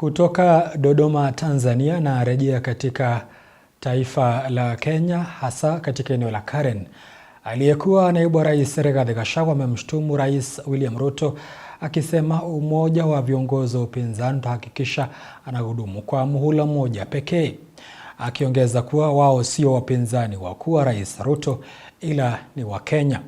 Kutoka Dodoma, Tanzania na rejea katika taifa la Kenya, hasa katika eneo la Karen. Aliyekuwa naibu wa rais Rigathi Gachagua amemshutumu Rais William Ruto akisema umoja wa viongozi wa upinzani utahakikisha anahudumu kwa muhula mmoja pekee akiongeza kuwa wao sio wapinzani wakuu wa Rais Ruto ila ni Wakenya.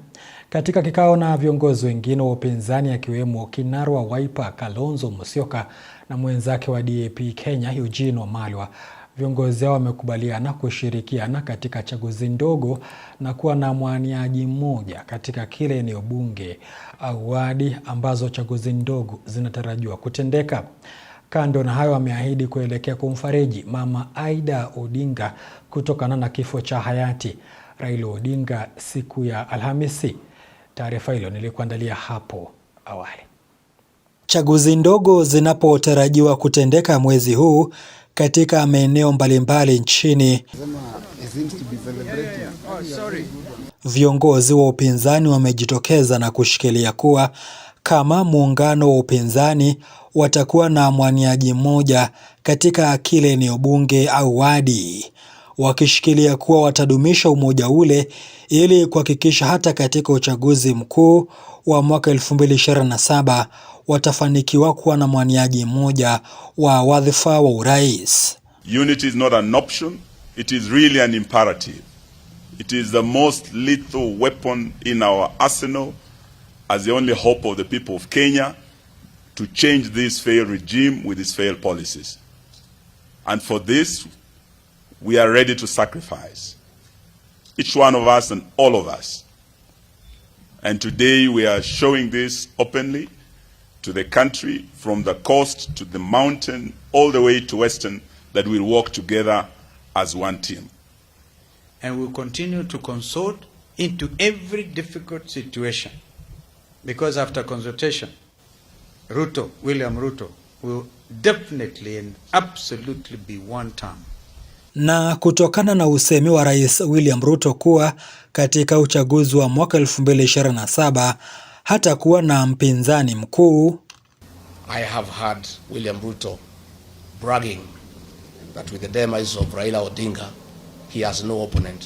Katika kikao na viongozi wengine wa upinzani akiwemo kinara wa Wiper Kalonzo Musyoka na mwenzake wa DAP Kenya Eugene Wamalwa, viongozi hao wamekubaliana kushirikiana katika chaguzi ndogo na kuwa na mwaniaji mmoja katika kila eneo bunge au wadi ambazo chaguzi ndogo zinatarajiwa kutendeka. Kando na hayo, ameahidi kuelekea kumfariji Mama Aida Odinga kutokana na kifo cha hayati Raila Odinga siku ya Alhamisi. Taarifa hilo nilikuandalia hapo awali. Chaguzi ndogo zinapotarajiwa kutendeka mwezi huu katika maeneo mbalimbali nchini, viongozi wa upinzani wamejitokeza na kushikilia kuwa kama muungano wa upinzani watakuwa na mwaniaji mmoja katika kila eneo bunge au wadi, wakishikilia kuwa watadumisha umoja ule ili kuhakikisha hata katika uchaguzi mkuu wa mwaka 2027 watafanikiwa kuwa na mwaniaji mmoja wa wadhifa wa urais. Unity is not an option, it is really an imperative. It is the most lethal weapon in our arsenal as the only hope of the people of Kenya to change this failed regime with its failed policies. And for this, we are ready to sacrifice, each one of us and all of us. And today we are showing this openly to the country, from the coast to the mountain, all the way to Western, that we'll work together as one team. And we'll continue to consult into every difficult situation because after consultation Ruto, William Ruto will definitely and absolutely be one term. Na kutokana na usemi wa Rais William Ruto kuwa katika uchaguzi wa mwaka 2027 hata kuwa na mpinzani mkuu. I have heard William Ruto bragging that with the demise of Raila Odinga he has no opponent.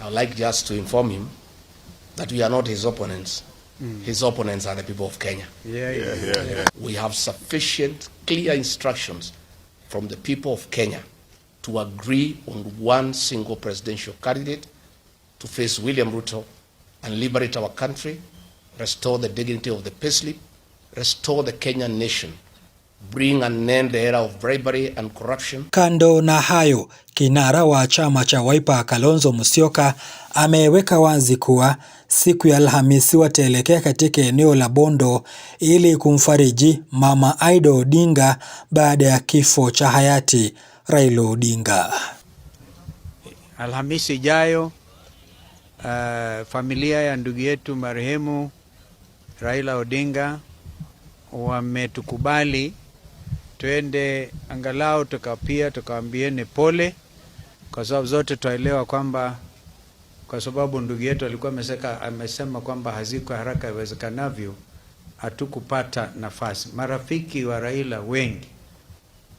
I would like just to inform him that we are not his opponents. Mm. His opponents are the people of Kenya. Yeah, yeah, yeah, yeah. We have sufficient clear instructions from the people of Kenya to agree on one single presidential candidate to face William Ruto and liberate our country, restore the dignity of the payslip, restore the Kenyan nation. Bring an end the era of bribery and corruption. Kando na hayo, kinara wa chama cha Wiper Kalonzo Musyoka ameweka wazi kuwa siku ya Alhamisi wataelekea katika eneo la Bondo ili kumfariji Mama aido Odinga baada ya kifo cha hayati Raila Odinga. Alhamisi ijayo, uh, familia ya ndugu yetu marehemu Raila Odinga wametukubali twende angalau tukapia tukawambieni pole, kwa sababu zote twaelewa kwamba kwa sababu ndugu yetu alikuwa meseka, amesema kwamba haziko haraka iwezekanavyo, hatukupata nafasi. Marafiki wa Raila wengi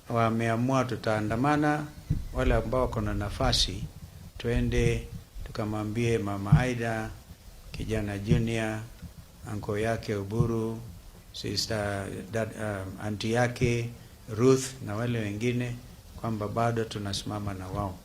wameamua tutaandamana, wale ambao wako na nafasi twende tukamwambie mama Aida, kijana Junior, anko yake Uburu, sister dad, um, anti yake Ruth na wale wengine kwamba bado tunasimama na wao.